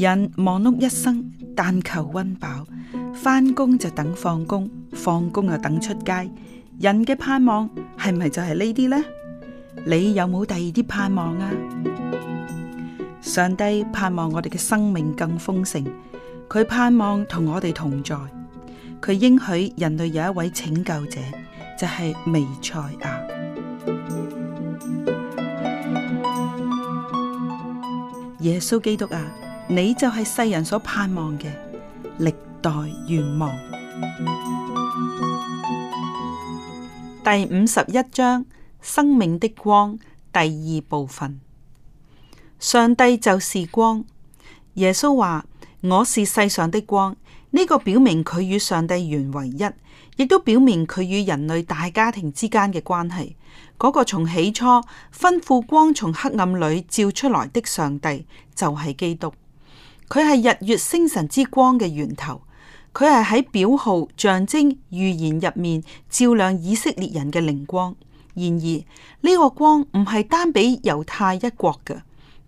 人忙碌一生，但求溫飽，翻工就等放工，放工又等出街。人嘅盼望係咪就係呢啲呢？你有冇第二啲盼望啊？上帝盼望我哋嘅生命更豐盛，佢盼望同我哋同在，佢應許人類有一位拯救者，就係彌賽亞耶穌基督啊！你就係世人所盼望嘅歷代願望。第五十一章，生命的光，第二部分，上帝就是光。耶穌話：我是世上的光，呢個表明佢與上帝原為一，亦都表明佢與人類大家庭之間嘅關係。嗰個從起初吩咐光從黑暗裏照出來的上帝就係基督。佢係日月星辰之光嘅源頭，佢係喺表號、象徵、預言入面照亮以色列人嘅靈光。然而呢個光唔係單俾猶太一國嘅。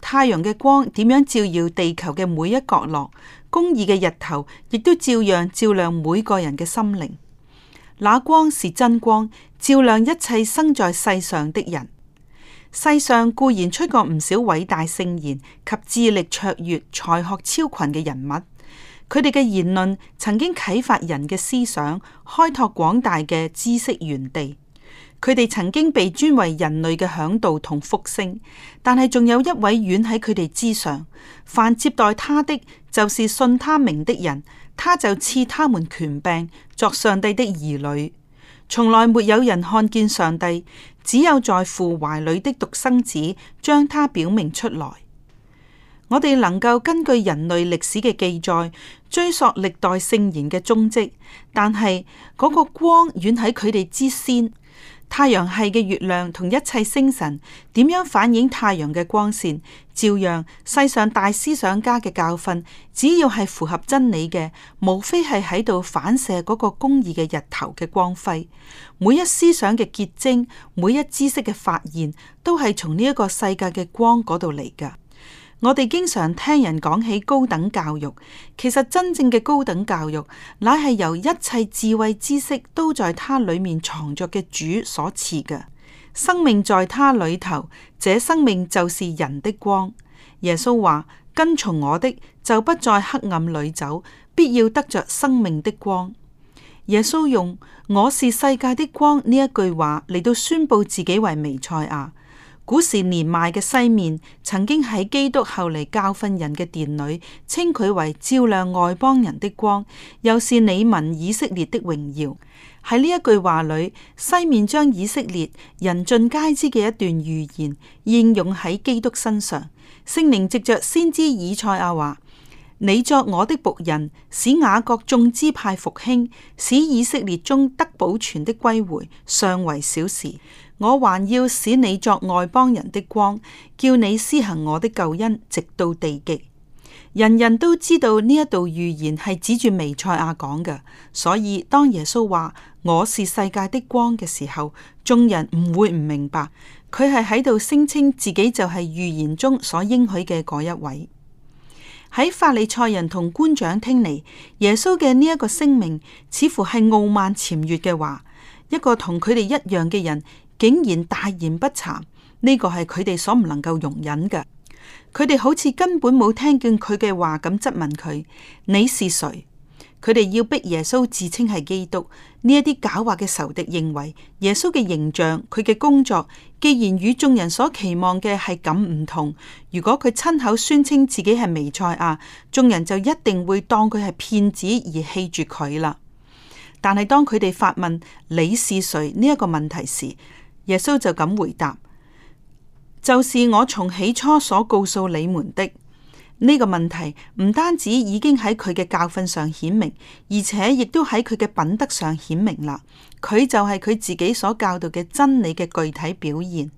太陽嘅光點樣照耀地球嘅每一角落？公義嘅日頭亦都照樣照亮每個人嘅心靈。那光是真光，照亮一切生在世上的人。世上固然出過唔少偉大聖賢及智力卓越、才學超群嘅人物，佢哋嘅言論曾經啟發人嘅思想，開拓廣大嘅知識源地。佢哋曾經被尊為人類嘅嚮導同福星，但係仲有一位遠喺佢哋之上。凡接待他的，就是信他名的人，他就賜他們權柄，作上帝的兒女。從來沒有人看見上帝。只有在父懷裏的獨生子將他表明出來，我哋能夠根據人類歷史嘅記載追溯歷代聖賢嘅蹤跡，但係嗰、那個光遠喺佢哋之先。太陽系嘅月亮同一切星辰點樣反映太陽嘅光線，照樣世上大思想家嘅教訓，只要係符合真理嘅，無非係喺度反射嗰個公義嘅日頭嘅光輝。每一思想嘅結晶，每一知識嘅發現，都係從呢一個世界嘅光嗰度嚟噶。我哋經常聽人講起高等教育，其實真正嘅高等教育，乃係由一切智慧知識都在它裏面藏着嘅主所賜嘅生命，在它裏頭，這生命就是人的光。耶穌話：跟從我的就不在黑暗裏走，必要得着生命的光。耶穌用我是世界的光呢一句話嚟到宣布自己為彌賽亞。古時年邁嘅西面，曾經喺基督後嚟教訓人嘅殿裏，稱佢為照亮外邦人的光，又是你民以色列的榮耀。喺呢一句話裏，西面將以色列人盡皆知嘅一段預言應用喺基督身上。聖靈藉着先知以賽亞話：「你作我的僕人，使雅各眾支派復興，使以色列中得保存的歸回，尚為小事。我還要使你作外邦人的光，叫你施行我的救恩，直到地極。人人都知道呢一道預言係指住彌賽亞講嘅，所以當耶穌話我是世界的光嘅時候，眾人唔會唔明白，佢係喺度聲稱自己就係預言中所應許嘅嗰一位。喺法利賽人同官長聽嚟，耶穌嘅呢一個聲明似乎係傲慢、僭越嘅話，一個同佢哋一樣嘅人。竟然大言不慚，呢個係佢哋所唔能夠容忍嘅。佢哋好似根本冇聽見佢嘅話咁質問佢：你是誰？佢哋要逼耶穌自稱係基督。呢一啲狡猾嘅仇敵認為，耶穌嘅形象、佢嘅工作，既然與眾人所期望嘅係咁唔同，如果佢親口宣稱自己係彌賽亞，眾人就一定會當佢係騙子而棄絕佢啦。但係當佢哋發問你是誰呢一個問題時，耶穌就咁回答：就是我從起初所告訴你們的呢，這個問題，唔單止已經喺佢嘅教訓上顯明，而且亦都喺佢嘅品德上顯明啦。佢就係佢自己所教導嘅真理嘅具體表現。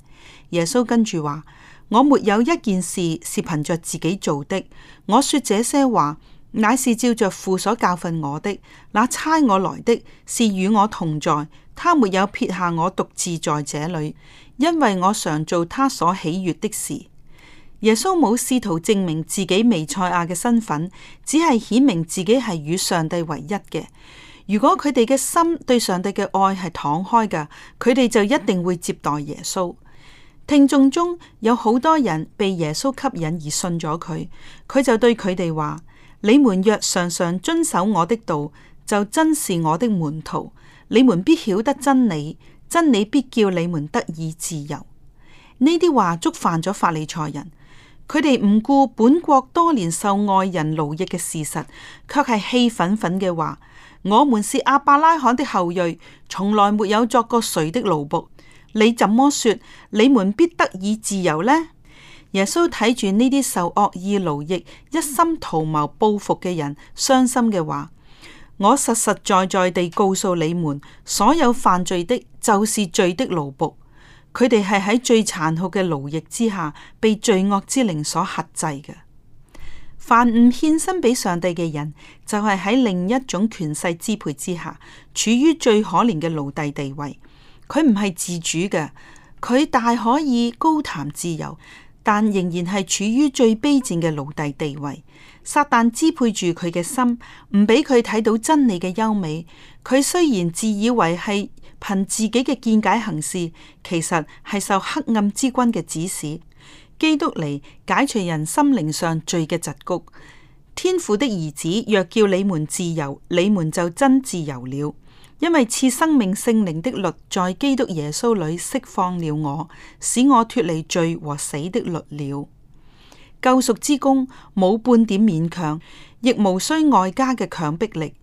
耶穌跟住話：我沒有一件事是憑着自己做的，我說這些話乃是照着父所教訓我的。那差我來的是與我同在。他沒有撇下我獨自在這裏，因為我常做他所喜悅的事。耶穌冇試圖證明自己彌賽亞嘅身份，只係顯明自己係與上帝唯一嘅。如果佢哋嘅心對上帝嘅愛係敞開嘅，佢哋就一定會接待耶穌。聽眾中有好多人被耶穌吸引而信咗佢，佢就對佢哋話：你們若常常遵守我的道，就真是我的門徒。你們必曉得真理，真理必叫你們得以自由。呢啲話觸犯咗法利賽人，佢哋唔顧本國多年受外人奴役嘅事實，卻係氣憤憤嘅話：我們是亞伯拉罕的後裔，從來沒有作過誰的奴僕。你怎麼說你們必得以自由呢？耶穌睇住呢啲受惡意奴役、一心圖謀報復嘅人，傷心嘅話。我實實在在地告訴你們，所有犯罪的，就是罪的奴僕，佢哋係喺最殘酷嘅奴役之下，被罪惡之靈所克制嘅。凡唔獻身俾上帝嘅人，就係、是、喺另一種權勢支配之下，處於最可憐嘅奴隸地位。佢唔係自主嘅，佢大可以高談自由，但仍然係處於最卑賤嘅奴隸地位。撒旦支配住佢嘅心，唔俾佢睇到真理嘅優美。佢雖然自以為係憑自己嘅見解行事，其實係受黑暗之君嘅指使。基督嚟解除人心靈上罪嘅桎梏，天父的兒子若叫你們自由，你們就真自由了。因為賜生命聖靈的律在基督耶穌裏釋放了我，使我脫離罪和死的律了。救贖之功冇半點勉強，亦無需外加嘅強迫力。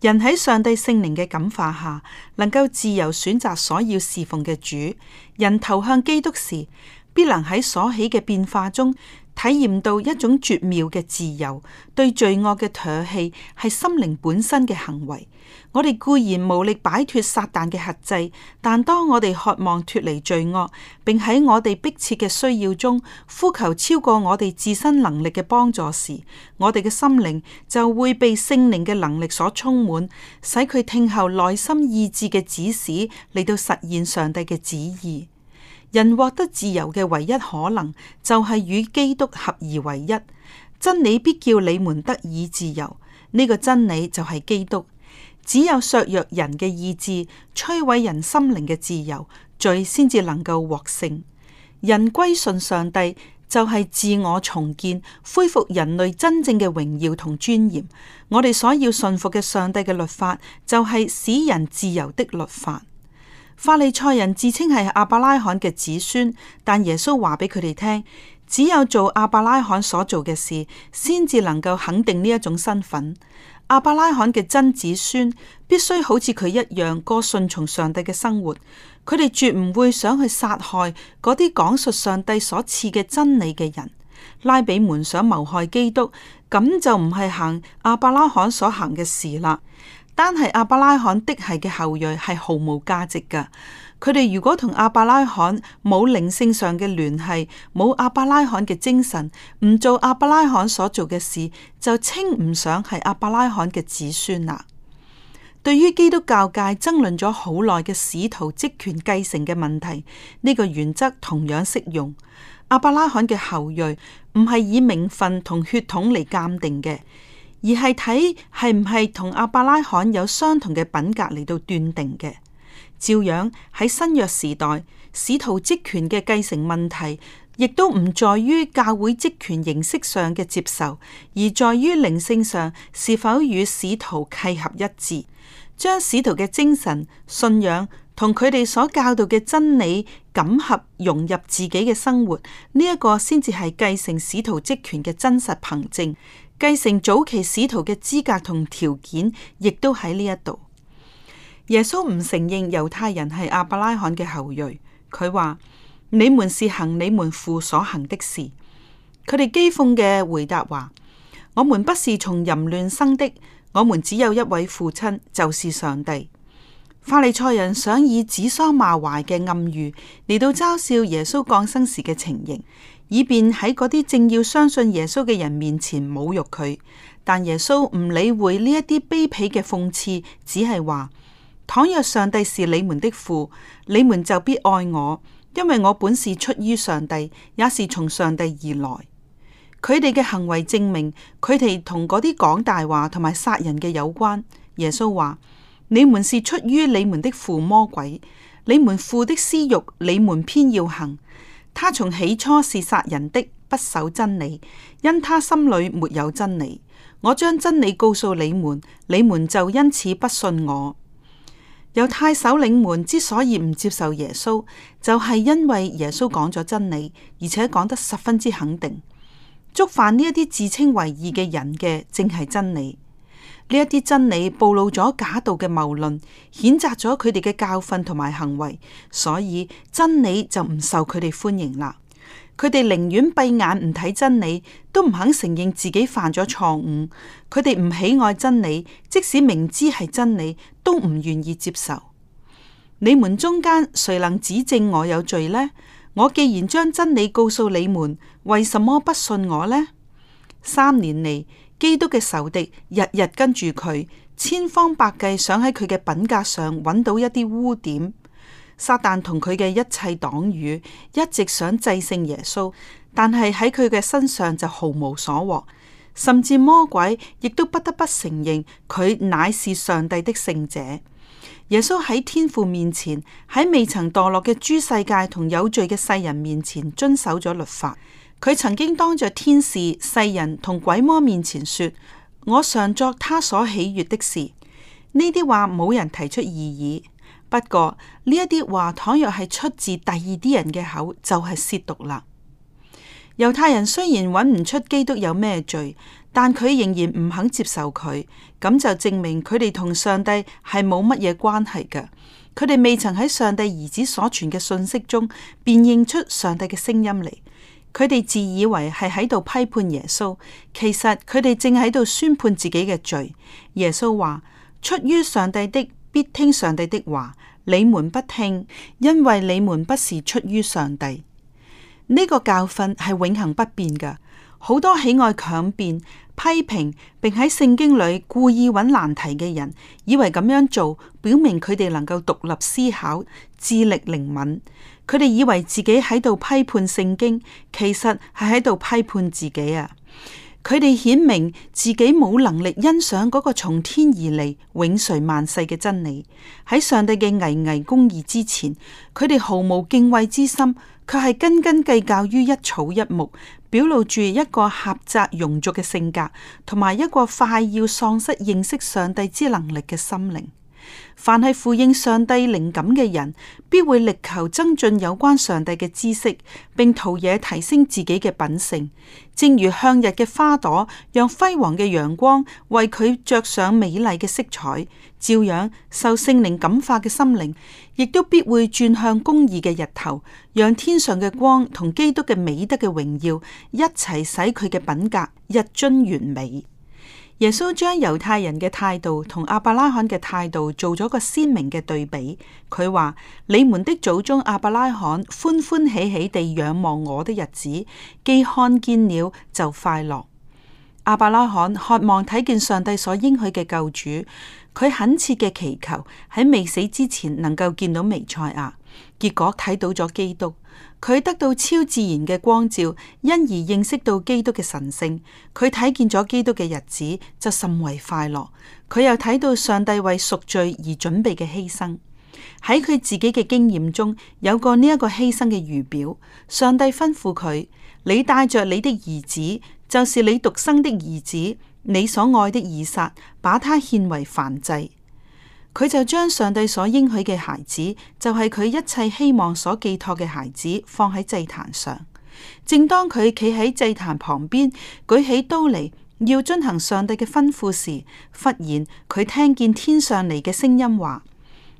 人喺上帝聖靈嘅感化下，能夠自由選擇所要侍奉嘅主。人投向基督時，必能喺所起嘅變化中體驗到一種絕妙嘅自由。對罪惡嘅唾棄係心靈本身嘅行為。我哋固然無力擺脫撒旦嘅核制，但當我哋渴望脫離罪惡，並喺我哋迫切嘅需要中呼求超過我哋自身能力嘅幫助時，我哋嘅心靈就會被聖靈嘅能力所充滿，使佢聽候內心意志嘅指示嚟到實現上帝嘅旨意。人獲得自由嘅唯一可能就係、是、與基督合而為一。真理必叫你們得以自由。呢、這個真理就係基督。只有削弱人嘅意志，摧毀人心靈嘅自由，罪先至能夠獲勝。人歸順上帝就係自我重建，恢復人類真正嘅榮耀同尊嚴。我哋所要順服嘅上帝嘅律法，就係使人自由的律法。法利賽人自稱係阿伯拉罕嘅子孫，但耶穌話俾佢哋聽，只有做阿伯拉罕所做嘅事，先至能夠肯定呢一種身份。阿伯拉罕嘅真子孫必須好似佢一樣過順從上帝嘅生活，佢哋絕唔會想去殺害嗰啲講述上帝所賜嘅真理嘅人。拉比們想謀害基督，咁就唔係行阿伯拉罕所行嘅事啦。單係阿伯拉罕的係嘅後裔係毫無價值㗎。佢哋如果同阿伯拉罕冇靈性上嘅聯繫，冇阿伯拉罕嘅精神，唔做阿伯拉罕所做嘅事，就稱唔上係阿伯拉罕嘅子孫啦。對於基督教界爭論咗好耐嘅使徒職權繼承嘅問題，呢個原則同樣適用。阿伯拉罕嘅後裔唔係以名分同血統嚟鑒定嘅，而係睇係唔係同阿伯拉罕有相同嘅品格嚟到斷定嘅。照樣喺新約時代，使徒職權嘅繼承問題，亦都唔在於教會職權形式上嘅接受，而在於靈性上是否與使徒契合一致，將使徒嘅精神、信仰同佢哋所教導嘅真理感合融入自己嘅生活，呢、這、一個先至係繼承使徒職權嘅真實憑證。繼承早期使徒嘅資格同條件，亦都喺呢一度。耶穌唔承認猶太人係亞伯拉罕嘅後裔，佢話你們是行你們父所行的事。佢哋譏諷嘅回答話：我們不是從淫亂生的，我們只有一位父親，就是上帝。法利賽人想以指桑罵槐嘅暗喻嚟，到嘲笑耶穌降生時嘅情形，以便喺嗰啲正要相信耶穌嘅人面前侮辱佢。但耶穌唔理會呢一啲卑鄙嘅諷刺，只係話。倘若上帝是你們的父，你們就必愛我，因為我本是出於上帝，也是從上帝而來。佢哋嘅行為證明佢哋同嗰啲講大話同埋殺人嘅有關。耶穌話：你們是出於你們的父魔鬼，你們父的私慾，你們偏要行。他從起初是殺人的，不守真理，因他心裏沒有真理。我將真理告訴你們，你們就因此不信我。猶太首領們之所以唔接受耶穌，就係、是、因為耶穌講咗真理，而且講得十分之肯定。觸犯呢一啲自稱為義嘅人嘅，正係真理。呢一啲真理暴露咗假道嘅謬論，譴責咗佢哋嘅教訓同埋行為，所以真理就唔受佢哋歡迎啦。佢哋寧願閉眼唔睇真理，都唔肯承認自己犯咗錯誤。佢哋唔喜愛真理，即使明知係真理，都唔願意接受。你們中間誰能指證我有罪呢？我既然將真理告訴你們，為什麼不信我呢？三年嚟，基督嘅仇敵日日跟住佢，千方百計想喺佢嘅品格上揾到一啲污點。撒旦同佢嘅一切黨羽一直想制勝耶穌，但係喺佢嘅身上就毫無所獲，甚至魔鬼亦都不得不承認佢乃是上帝的聖者。耶穌喺天父面前，喺未曾墮落嘅諸世界同有罪嘅世人面前遵守咗律法。佢曾經當着天使、世人同鬼魔面前說：我常作他所喜悦的事。呢啲話冇人提出異議。不過呢一啲話，倘若係出自第二啲人嘅口，就係褻瀆啦。猶太人雖然搵唔出基督有咩罪，但佢仍然唔肯接受佢，咁就證明佢哋同上帝係冇乜嘢關係嘅。佢哋未曾喺上帝兒子所傳嘅信息中辨認出上帝嘅聲音嚟，佢哋自以為係喺度批判耶穌，其實佢哋正喺度宣判自己嘅罪。耶穌話：出於上帝的。必聽上帝的話，你們不聽，因為你們不是出於上帝。呢、這個教訓係永恆不變嘅。好多喜愛強辯、批評，並喺聖經裏故意揾難題嘅人，以為咁樣做，表明佢哋能夠獨立思考、智力靈敏。佢哋以為自己喺度批判聖經，其實係喺度批判自己啊！佢哋顯明自己冇能力欣賞嗰個從天而嚟、永垂萬世嘅真理，喺上帝嘅巍巍公義之前，佢哋毫無敬畏之心，卻係斤斤計較於一草一木，表露住一個狹窄庸俗嘅性格，同埋一個快要喪失認識上帝之能力嘅心靈。凡係呼應上帝靈感嘅人，必會力求增進有關上帝嘅知識，並陶冶提升自己嘅品性。正如向日嘅花朵，讓輝煌嘅陽光為佢着上美麗嘅色彩，照樣受聖靈感化嘅心靈，亦都必會轉向公義嘅日頭，讓天上嘅光同基督嘅美德嘅榮耀一齊使佢嘅品格日臻完美。耶穌將猶太人嘅態度同亞伯拉罕嘅態度做咗個鮮明嘅對比。佢話：你們的祖宗亞伯拉罕歡歡喜喜地仰望我的日子，既看見了就快樂。亞伯拉罕渴望睇見上帝所應許嘅救主，佢懇切嘅祈求喺未死之前能夠見到彌賽亞，結果睇到咗基督。佢得到超自然嘅光照，因而認識到基督嘅神性。佢睇見咗基督嘅日子，就甚為快樂。佢又睇到上帝為贖罪而準備嘅犧牲，喺佢自己嘅經驗中有過呢一個犧牲嘅預表。上帝吩咐佢：你帶着你的兒子，就是你獨生的兒子，你所愛的以撒，把他獻為燔祭。佢就將上帝所應許嘅孩子，就係、是、佢一切希望所寄託嘅孩子，放喺祭壇上。正當佢企喺祭壇旁邊舉起刀嚟，要遵行上帝嘅吩咐時，忽然佢聽見天上嚟嘅聲音話：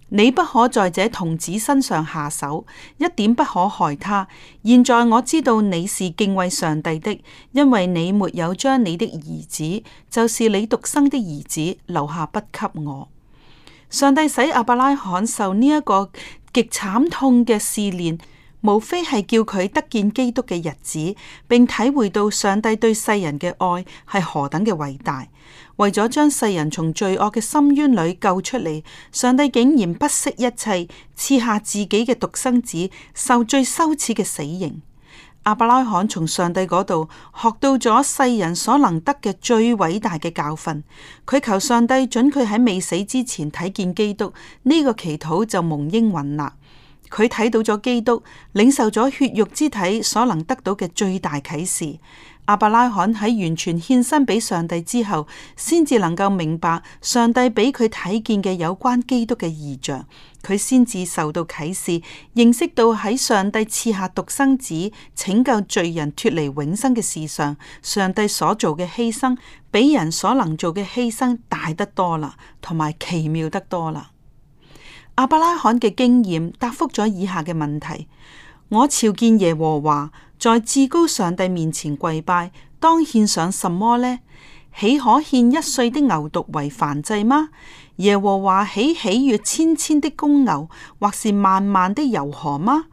你不可在這童子身上下手，一點不可害他。現在我知道你是敬畏上帝的，因為你沒有將你的兒子，就是你獨生的兒子留下不給我。上帝使亞伯拉罕受呢一個極慘痛嘅試煉，無非係叫佢得見基督嘅日子，並體會到上帝對世人嘅愛係何等嘅偉大。為咗將世人從罪惡嘅深淵裏救出嚟，上帝竟然不惜一切，賜下自己嘅獨生子受最羞恥嘅死刑。阿伯拉罕從上帝嗰度學到咗世人所能得嘅最偉大嘅教訓，佢求上帝准佢喺未死之前睇見基督，呢、這個祈禱就蒙應允啦。佢睇到咗基督，領受咗血肉之體所能得到嘅最大啟示。亞伯拉罕喺完全獻身俾上帝之後，先至能夠明白上帝俾佢睇見嘅有關基督嘅異象。佢先至受到啟示，認識到喺上帝賜下獨生子拯救罪人脫離永生嘅事上，上帝所做嘅犧牲比人所能做嘅犧牲大得多啦，同埋奇妙得多啦。阿伯拉罕嘅經驗答覆咗以下嘅問題：我朝見耶和華，在至高上帝面前跪拜，當獻上什麼呢？豈可獻一歲的牛犢為燔祭嗎？耶和華豈喜悦千千的公牛，或是萬萬的油河嗎？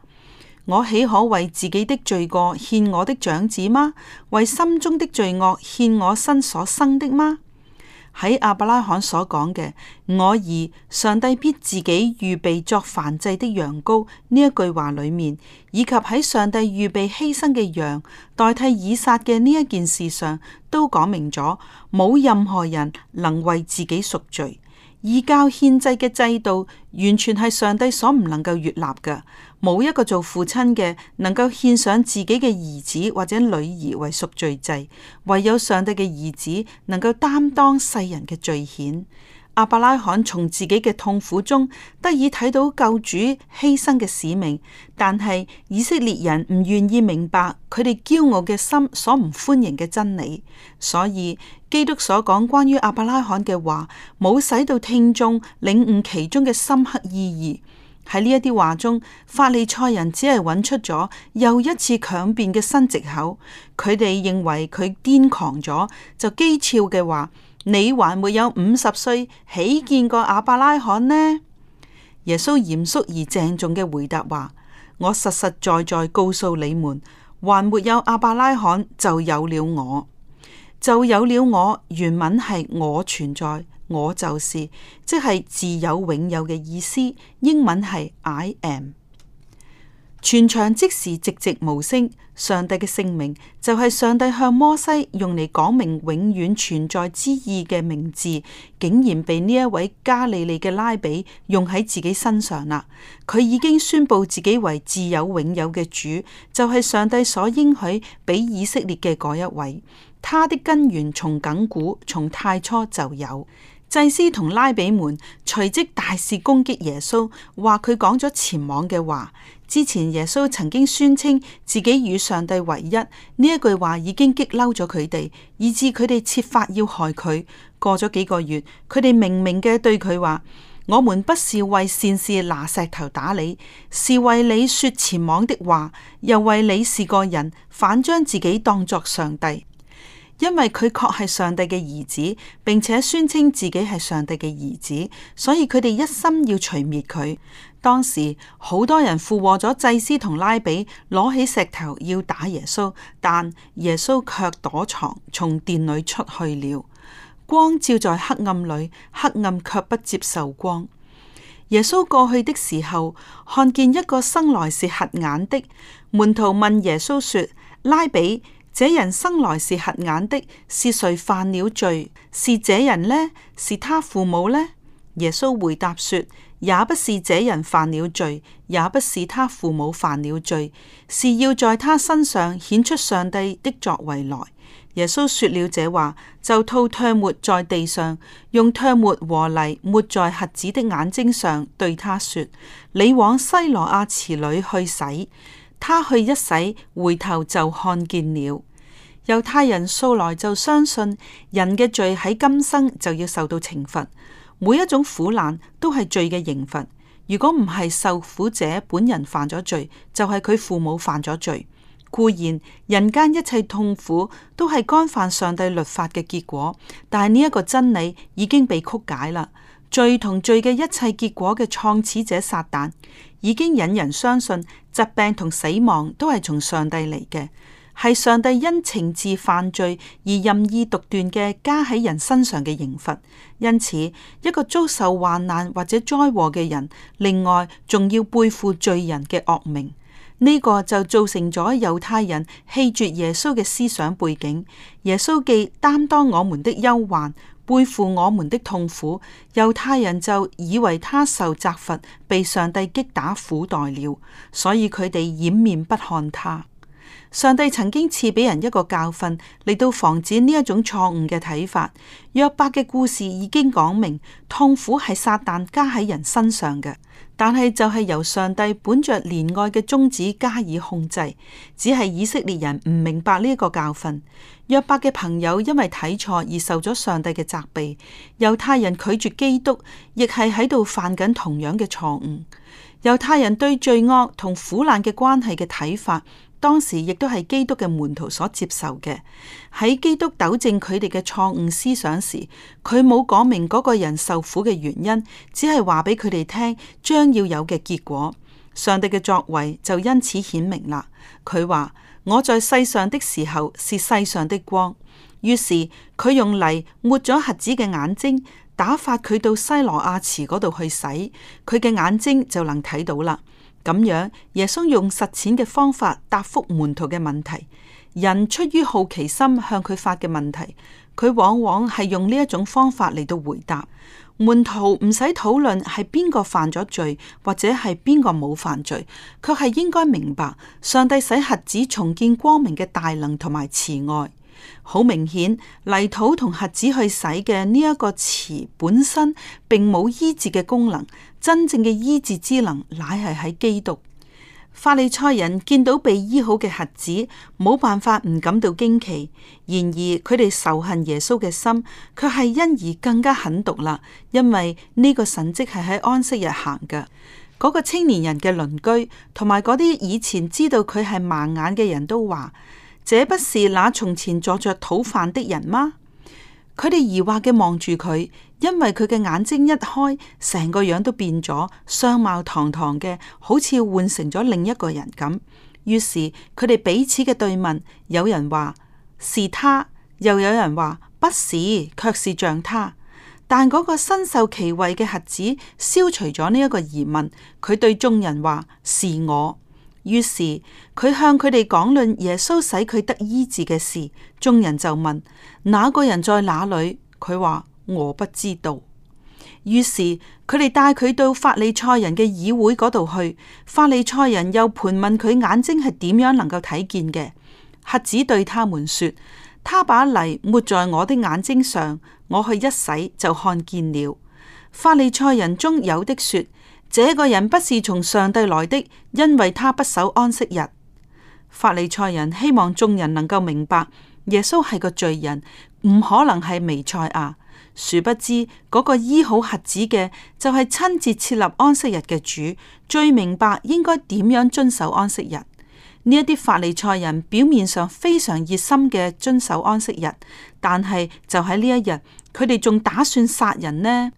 我豈可為自己的罪過獻我的長子嗎？為心中的罪惡獻我身所生的嗎？喺亞伯拉罕所講嘅我兒，上帝必自己預備作燔祭的羊羔呢一句話裏面，以及喺上帝預備犧牲嘅羊代替以撒嘅呢一件事上，都講明咗，冇任何人能為自己贖罪。以教獻祭嘅制度，完全係上帝所唔能夠悅納嘅。冇一個做父親嘅能夠獻上自己嘅兒子或者女兒為贖罪祭，唯有上帝嘅兒子能夠擔當世人嘅罪愆。阿伯拉罕從自己嘅痛苦中得以睇到救主犧牲嘅使命，但係以色列人唔願意明白佢哋驕傲嘅心所唔歡迎嘅真理，所以基督所講關於阿伯拉罕嘅話冇使到聽眾領悟其中嘅深刻意義。喺呢一啲話中，法利賽人只係揾出咗又一次強辯嘅新藉口，佢哋認為佢癲狂咗就譏誚嘅話。你還沒有五十歲，豈見過亞伯拉罕呢？耶穌嚴肅而鄭重嘅回答話：我實實在在告訴你們，還沒有亞伯拉罕，就有了我，就有了我。原文係我存在，我就是，即係自有永有嘅意思。英文係 I am。全場即時寂寂無聲。上帝嘅姓名就係上帝向摩西用嚟講明永遠存在之意嘅名字，竟然被呢一位加利利嘅拉比用喺自己身上啦。佢已經宣布自己為自有永有嘅主，就係上帝所應許俾以色列嘅嗰一位。他的根源從亙古，從太初就有。祭司同拉比們隨即大肆攻擊耶穌，話佢講咗「前往」嘅話。之前耶穌曾經宣稱自己與上帝唯一，呢一句話已經激嬲咗佢哋，以致佢哋設法要害佢。過咗幾個月，佢哋明明嘅對佢話：「我們不是為善事拿石頭打你，是為你說「前往」的話，又為你是個人，反將自己當作上帝。因為佢確係上帝嘅兒子，並且宣稱自己係上帝嘅兒子，所以佢哋一心要除滅佢。當時好多人附和咗祭司同拉比，攞起石頭要打耶穌，但耶穌卻躲藏，從殿裏出去了。光照在黑暗裏，黑暗卻不接受光。耶穌過去的時候，看見一個生來是瞎眼的，門徒問耶穌說：拉比。這人生來是瞎眼的，是誰犯了罪？是這人呢？是他父母呢？耶穌回答說：也不是這人犯了罪，也不是他父母犯了罪，是要在他身上顯出上帝的作為來。耶穌說了這話，就吐唾沫在地上，用唾沫和泥抹在瞎子的眼睛上，對他說：你往西羅亞池裏去洗。他去一洗，回頭就看見了。猶太人素來就相信，人嘅罪喺今生就要受到懲罰，每一種苦難都係罪嘅刑罰。如果唔係受苦者本人犯咗罪，就係、是、佢父母犯咗罪。固然人間一切痛苦都係干犯上帝律法嘅結果，但係呢一個真理已經被曲解啦。罪同罪嘅一切結果嘅創始者撒旦，已經引人相信，疾病同死亡都係從上帝嚟嘅，係上帝因懲治犯罪而任意獨斷嘅加喺人身上嘅刑罰。因此，一個遭受患難或者災禍嘅人，另外仲要背負罪人嘅惡名，呢、這個就造成咗猶太人棄絕耶穌嘅思想背景。耶穌既擔當我們的憂患。背負我們的痛苦，猶太人就以為他受責罰，被上帝擊打苦待了，所以佢哋掩面不看他。上帝曾經賜俾人一個教訓，嚟到防止呢一種錯誤嘅睇法。約伯嘅故事已經講明，痛苦係撒旦加喺人身上嘅，但係就係由上帝本着憐愛嘅宗旨加以控制，只係以色列人唔明白呢一個教訓。約伯嘅朋友因為睇錯而受咗上帝嘅責備，猶太人拒絕基督，亦係喺度犯緊同樣嘅錯誤。猶太人對罪惡同苦難嘅關係嘅睇法，當時亦都係基督嘅門徒所接受嘅。喺基督糾正佢哋嘅錯誤思想時，佢冇講明嗰個人受苦嘅原因，只係話俾佢哋聽將要有嘅結果。上帝嘅作為就因此顯明啦。佢話。我在世上的時候，是世上的光。於是佢用泥抹咗瞎子嘅眼睛，打發佢到西羅亞池嗰度去洗，佢嘅眼睛就能睇到啦。咁樣，耶穌用實踐嘅方法答復門徒嘅問題。人出於好奇心向佢發嘅問題，佢往往係用呢一種方法嚟到回答。門徒唔使討論係邊個犯咗罪，或者係邊個冇犯罪，卻係應該明白上帝使瞎子重見光明嘅大能同埋慈愛。好明顯，泥土同瞎子去洗嘅呢一個池本身並冇醫治嘅功能，真正嘅醫治之能乃係喺基督。法利賽人見到被醫好嘅瞎子，冇辦法唔感到驚奇。然而佢哋仇恨耶穌嘅心，卻係因而更加狠毒啦。因為呢個神蹟係喺安息日行嘅。嗰、那個青年人嘅鄰居同埋嗰啲以前知道佢係盲眼嘅人都話：這不是那從前坐着討飯的人嗎？佢哋疑惑嘅望住佢。因為佢嘅眼睛一開，成個樣都變咗，相貌堂堂嘅，好似換成咗另一個人咁。於是佢哋彼此嘅對問，有人話是他，又有人話不是，卻是像他。但嗰個身受其惠嘅瞎子消除咗呢一個疑問，佢對眾人話是我。於是佢向佢哋講論耶穌使佢得醫治嘅事，眾人就問哪個人在哪裏？佢話。我不知道，於是佢哋帶佢到法利賽人嘅議會嗰度去。法利賽人又盤問佢眼睛係點樣能夠睇見嘅。瞎子對他們說：他把泥抹在我的眼睛上，我去一洗就看見了。法利賽人中有的說：這個人不是從上帝來的，因為他不守安息日。法利賽人希望眾人能夠明白耶穌係個罪人，唔可能係彌賽亞。殊不知嗰、那個醫好瞎子嘅就係、是、親自設立安息日嘅主，最明白應該點樣遵守安息日。呢一啲法利賽人表面上非常熱心嘅遵守安息日，但係就喺呢一日，佢哋仲打算殺人呢。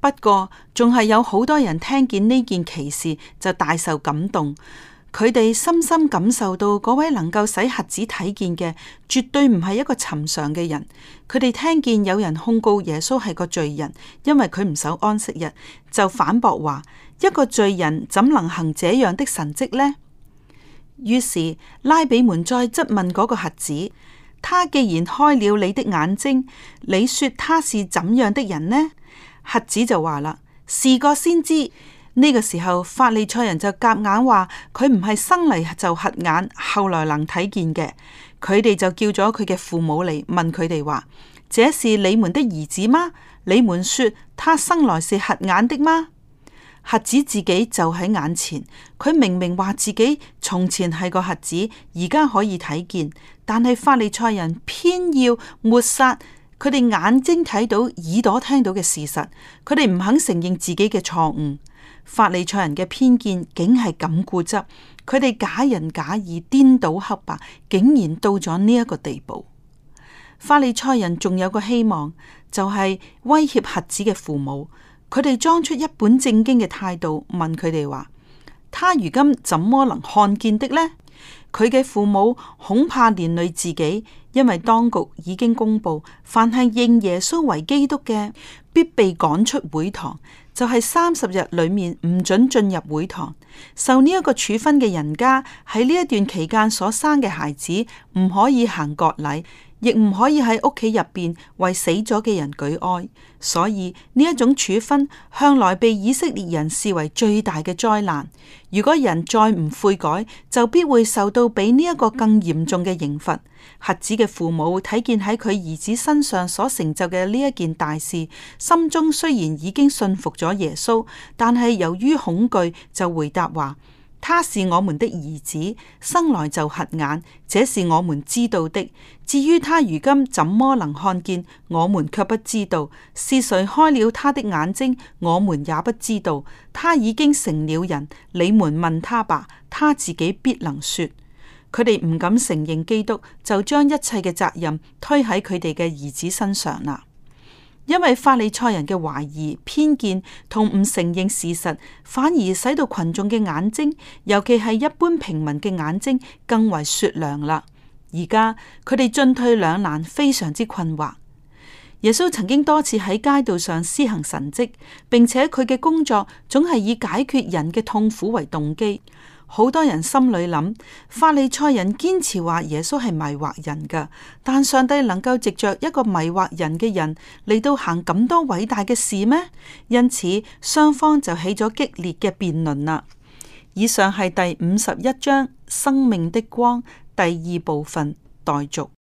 不過仲係有好多人聽見呢件奇事就大受感動。佢哋深深感受到嗰位能夠使瞎子睇見嘅，絕對唔係一個尋常嘅人。佢哋聽見有人控告耶穌係個罪人，因為佢唔守安息日，就反駁話：一個罪人怎能行這樣的神蹟呢？於是拉比們再質問嗰個瞎子：他既然開了你的眼睛，你說他是怎樣的人呢？瞎子就話啦：是個先知。呢個時候，法利賽人就夾硬話佢唔係生嚟就瞎眼，後來能睇見嘅。佢哋就叫咗佢嘅父母嚟問佢哋話：這是你們的兒子嗎？你們說他生來是瞎眼的嗎？瞎子自己就喺眼前，佢明明話自己從前係個瞎子，而家可以睇見，但係法利賽人偏要抹殺佢哋眼睛睇到、耳朵聽到嘅事實，佢哋唔肯承認自己嘅錯誤。法利賽人嘅偏見竟係咁固執，佢哋假仁假義，顛倒黑白，竟然到咗呢一個地步。法利賽人仲有個希望，就係、是、威脅孩子嘅父母。佢哋裝出一本正經嘅態度，問佢哋話：他如今怎麼能看見的呢？佢嘅父母恐怕連累自己，因為當局已經公布，凡係認耶穌為基督嘅，必被趕出會堂。就係三十日裏面唔准進入會堂，受呢一個處分嘅人家喺呢一段期間所生嘅孩子，唔可以行割禮。亦唔可以喺屋企入邊為死咗嘅人舉哀，所以呢一種處分向來被以色列人視為最大嘅災難。如果人再唔悔改，就必會受到比呢一個更嚴重嘅刑罰。孩子嘅父母睇見喺佢兒子身上所成就嘅呢一件大事，心中雖然已經信服咗耶穌，但係由於恐懼，就回答話。他是我們的兒子，生來就瞎眼，這是我們知道的。至於他如今怎麼能看見，我們卻不知道。是誰開了他的眼睛，我們也不知道。他已經成了人，你們問他吧，他自己必能說。佢哋唔敢承認基督，就將一切嘅責任推喺佢哋嘅兒子身上啦。因為法利賽人嘅懷疑、偏見同唔承認事實，反而使到群眾嘅眼睛，尤其係一般平民嘅眼睛，更為雪亮啦。而家佢哋進退兩難，非常之困惑。耶穌曾經多次喺街道上施行神蹟，並且佢嘅工作總係以解決人嘅痛苦為動機。好多人心裏諗，法利賽人堅持話耶穌係迷惑人噶，但上帝能夠藉着一個迷惑人嘅人嚟，到行咁多偉大嘅事咩？因此雙方就起咗激烈嘅辯論啦。以上係第五十一章生命的光第二部分待續。代